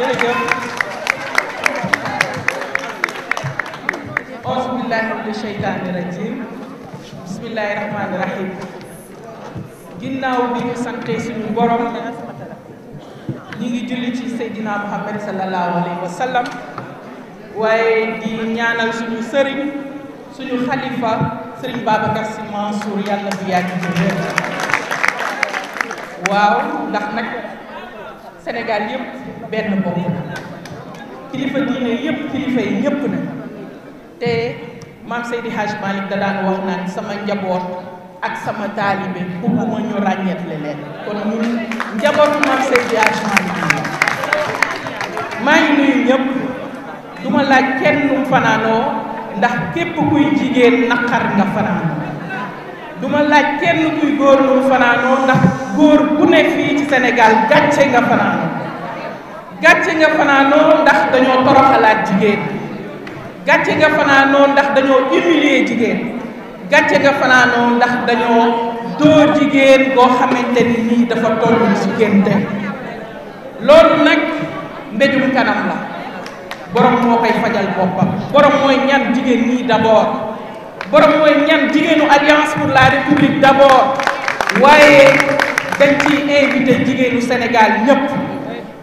jërëjëf auzu billahi mina sheytaani rajim bismillahi rahmaani rahim ginnaaw bi ñu sante suñu borom ñi ngi julli ci seydina muhammad sallallahu alayhi wa waaye di ñaanal suñu sëriñ suñu xalifa sëriñ Babacar Sy Mansour yàlla bi yàgg waaw ndax nag Sénégal yëpp benn bopp kilifa diine yëpp kilifa yi ñëpp na te maam Seydi Hadj Malick da daan wax naan sama njaboot ak sama taalibe bugguma ñu ràññeetle leen kon ñun njabootu maam Seydi Hadj Malick maa ngi nuyu ñëpp duma laaj kenn fanaanoo ndax képp kuy jigéen naqar nga fanaanoo du ma laaj kenn kuy góor lu fanaanoo ndax góor bu ne fii ci senegaal gàcce nga fanaanoo gàcce nga fanaanoo ndax dañoo toroxalaat jigéen gàcce nga fanaanoo ndax dañoo humilier jigéen gàcce nga fanaanoo ndax dañoo dóor jigéen boo xamante ni nii dafa tollu ci génte loolu nag mbéjum kanam la borom moo koy fajal boppam borom mooy ñan jigéen ñi d'abord borom mooy ñan jigéenu alliance pour la république d'abord waaye dañ ciy invité jigéenu Sénégal ñépp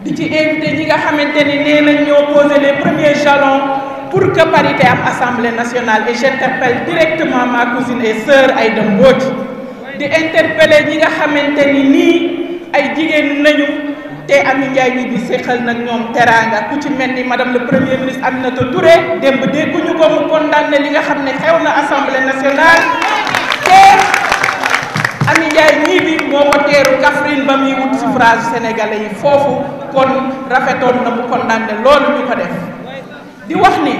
di ci invité ñi nga xamante ni nee nañ ñoo les premiers jalons pour que parité am assemblée nationale et j'interpelle directement ma cousine et ay Aïda Mbodj di interpeller ñi nga xamante ni nii ay jigéen nañu te Amy Ndiaye mi di séqal nag ñoom teraanga ku ci mel ni madame le premier ministre Aminata Touré démb dégguñu ko mu condamné li nga xam ne xew na assemblée nationale te Amy Ndiaye ñii bi moo ko teeru Kaffrine ba muy wut suffrage sénégalais yi foofu kon rafetoon na mu condamné loolu ñu ko def di wax ni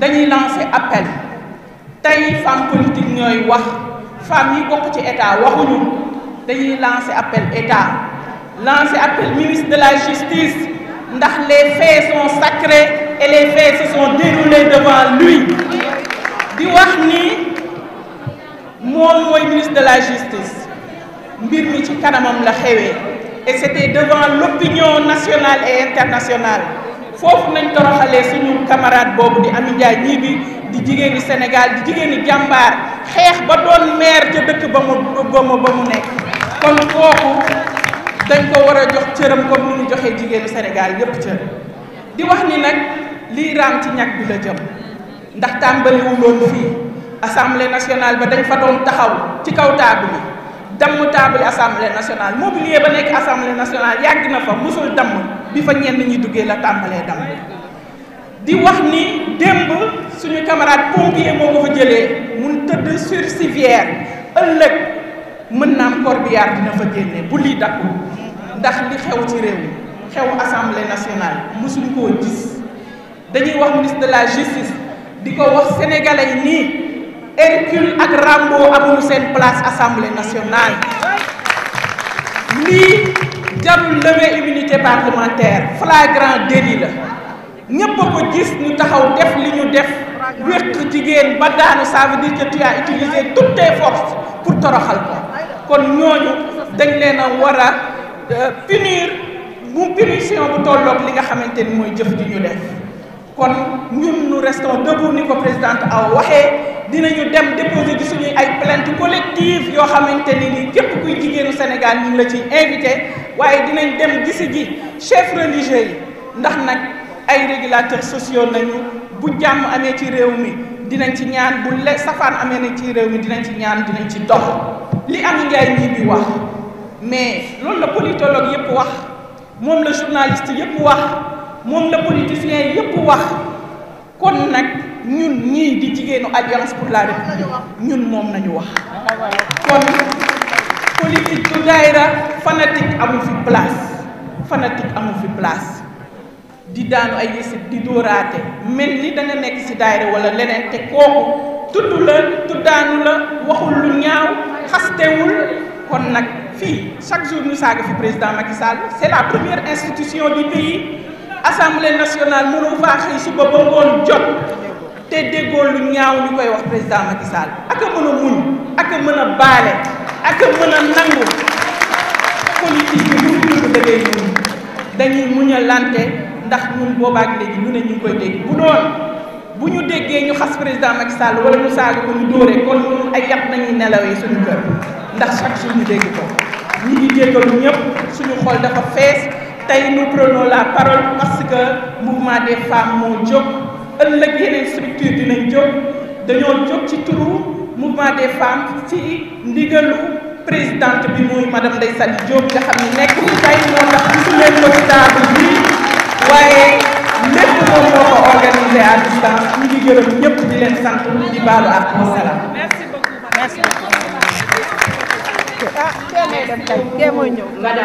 dañuy lancer appel tey femme politique ñooy wax femme yi bokk ci état waxuñu dañuy lancer appel état lancer appel ministre de la justice ndax les faits sont sacrés et les faits se sont déroulés devant lui di wax ni moom mooy ministre de la justice mbir mi ci kanamam la xewee et c'était devant l'opinion nationale et internationale foofu nañ toroxalee suñu camarade boobu di Amy Ndiaye Gniby di jigéenu Sénégal di jigéenu jàmbaar xeex ba doon maire ca dëkk ba mu ba mu nekk kon kooku dañ ko war a jox cëram comme ni ñu joxee jigéenu Sénégal yépp cër di wax ni nag lii raam ci ñag bi la jëm ndax tàmbaliwuloon fii assemblée nationale ba dañ fa doon taxaw ci kaw table bi damm table assemblée nationale mobilier ba nekk assemblée nationale yàgg na fa mosul damm bi fa ñenn ñi duggee la tàmbalee damm di wax ni démb suñu camarade pompier moo ko jëlee mun tëdd sur civière ëllëg mën naam corbillard dina fa génne bu lii dakku ndax li xew ci réew xew assemblée nationale mosuñu koo gis dañuy wax ministre de la justice di ko wax sénégalais yi nii Hercule ak Rambo amuñu seen place assemblée nationale lii jarul lever immunité parlementaire flagrant délit la ñépp a ko gis ñu taxaw def li ñu def wéq jigéen ba daanu ça veut dire que tu as pour toroxal ko kon ñu dañ leen a war a euh, punir mu punition bu tolloog li nga xamante ni mooy jëf ji ñu def kon ñun nous restons debout ni ko présidente aw waxee dinañu dem déposer di suñuy ay plainte collective yoo xamante ni ni képp kuy jigéenu Sénégal ñu ngi la ciy invité waaye dinañ dem gisi ji chef religieux yi ndax nag ay régulateurs sociaux nañu bu jàmm amee ci réew mi dinañ ci ñaan bu le safaan amee na ci réew mi dinañ ci ñaan dinañ ci dox li Amy Ndiaye ñii bi wax mais loolu la politologue yëpp wax moom la journaliste yépp wax moom la politicien yëpp wax kon nag ñun ñii di jigéenu alliance pour la république ñun moom nañu wax kon politique du daayira fanatique amu fi place fanatique amu fi place di daanu ay yësit di dóoraate mel ni da nekk ci daayira walla leneen te kooku tudd la tuddaanu la waxul lu teewul kon nag fii chaque jour ñu saaga fi président Macky Sall c'est la première institution du pays assemblée nationale mënoo faa xëy suba ba ngoon jot te déggoo lu ñaaw ñu koy wax président Macky Sall ak a mën a muñ ak a mën a baale ak a mën a nangu politique bi ñu dund da ngay muñ dañuy muñalante ndax ñun boobaak léegi ñu ne ñu ngi koy dégg bu doon. bu ñu déggee ñu xas président Macky Sall wala ñu saaga ko ñu dóoree kon ñun ay yàq nañuy nelawee suñu kër ndax chaque jour dégg ko ñi ngi jéggalu ñëpp suñu xol dafa fees tey nous prenons la parole parce que mouvement des femmes moo jóg ëllëg yeneen structure dinañ jóg dañoo jóg ci turu mouvement des femmes ci ndigalu présidente bi muy madame Ndeye Saly Diop nga xam ne nekk ñu tey moo tax gisu leen ko ci table bi waaye à distance ñu ngi gërëm ñëpp di leen sant di baalu ak wasalaam. merci beaucoup merci. ah kee mooy dem kay kee mooy ñëw.